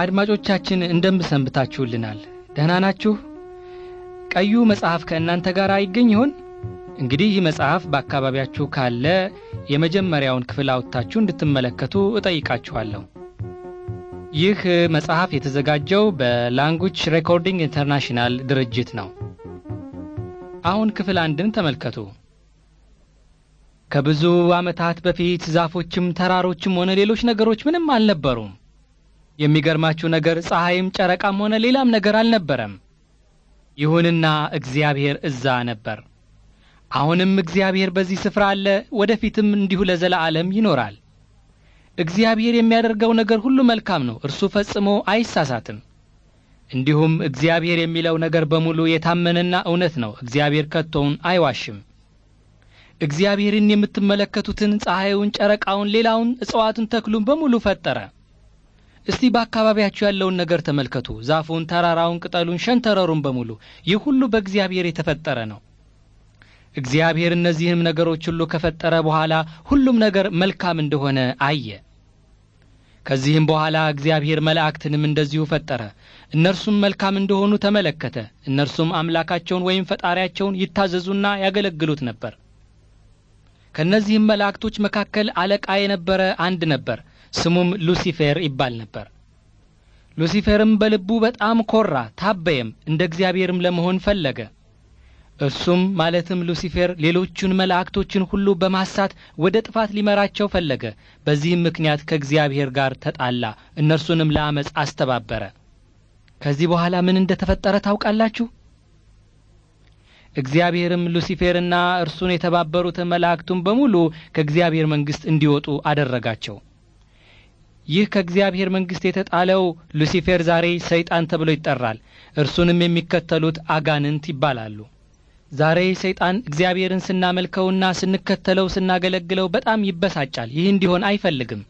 አድማጮቻችን እንደምሰንብታችሁልናል። ደህና ናችሁ? ቀዩ መጽሐፍ ከእናንተ ጋር አይገኝ ይሆን? እንግዲህ ይህ መጽሐፍ በአካባቢያችሁ ካለ የመጀመሪያውን ክፍል አውጥታችሁ እንድትመለከቱ እጠይቃችኋለሁ። ይህ መጽሐፍ የተዘጋጀው በላንጉጅ ሬኮርዲንግ ኢንተርናሽናል ድርጅት ነው። አሁን ክፍል አንድን ተመልከቱ። ከብዙ ዓመታት በፊት ዛፎችም ተራሮችም ሆነ ሌሎች ነገሮች ምንም አልነበሩም። የሚገርማችሁ ነገር ፀሐይም ጨረቃም ሆነ ሌላም ነገር አልነበረም። ይሁንና እግዚአብሔር እዛ ነበር። አሁንም እግዚአብሔር በዚህ ስፍራ አለ፣ ወደፊትም እንዲሁ ለዘላለም ይኖራል። እግዚአብሔር የሚያደርገው ነገር ሁሉ መልካም ነው፣ እርሱ ፈጽሞ አይሳሳትም። እንዲሁም እግዚአብሔር የሚለው ነገር በሙሉ የታመነና እውነት ነው። እግዚአብሔር ከቶውን አይዋሽም። እግዚአብሔርን የምትመለከቱትን ፀሐዩን፣ ጨረቃውን፣ ሌላውን፣ እጽዋቱን፣ ተክሉን በሙሉ ፈጠረ። እስቲ በአካባቢያችሁ ያለውን ነገር ተመልከቱ። ዛፉን፣ ተራራውን፣ ቅጠሉን፣ ሸንተረሩን በሙሉ ይህ ሁሉ በእግዚአብሔር የተፈጠረ ነው። እግዚአብሔር እነዚህም ነገሮች ሁሉ ከፈጠረ በኋላ ሁሉም ነገር መልካም እንደሆነ አየ። ከዚህም በኋላ እግዚአብሔር መላእክትንም እንደዚሁ ፈጠረ። እነርሱም መልካም እንደሆኑ ተመለከተ። እነርሱም አምላካቸውን ወይም ፈጣሪያቸውን ይታዘዙና ያገለግሉት ነበር። ከእነዚህም መላእክቶች መካከል አለቃ የነበረ አንድ ነበር። ስሙም ሉሲፌር ይባል ነበር። ሉሲፌርም በልቡ በጣም ኮራ፣ ታበየም፣ እንደ እግዚአብሔርም ለመሆን ፈለገ። እርሱም ማለትም ሉሲፌር ሌሎቹን መላእክቶችን ሁሉ በማሳት ወደ ጥፋት ሊመራቸው ፈለገ። በዚህም ምክንያት ከእግዚአብሔር ጋር ተጣላ፣ እነርሱንም ለአመፅ አስተባበረ። ከዚህ በኋላ ምን እንደ ተፈጠረ ታውቃላችሁ። እግዚአብሔርም ሉሲፌርና እርሱን የተባበሩትን መላእክቱን በሙሉ ከእግዚአብሔር መንግሥት እንዲወጡ አደረጋቸው። ይህ ከእግዚአብሔር መንግሥት የተጣለው ሉሲፌር ዛሬ ሰይጣን ተብሎ ይጠራል። እርሱንም የሚከተሉት አጋንንት ይባላሉ። ዛሬ ሰይጣን እግዚአብሔርን ስናመልከውና ስንከተለው ስናገለግለው በጣም ይበሳጫል። ይህ እንዲሆን አይፈልግም።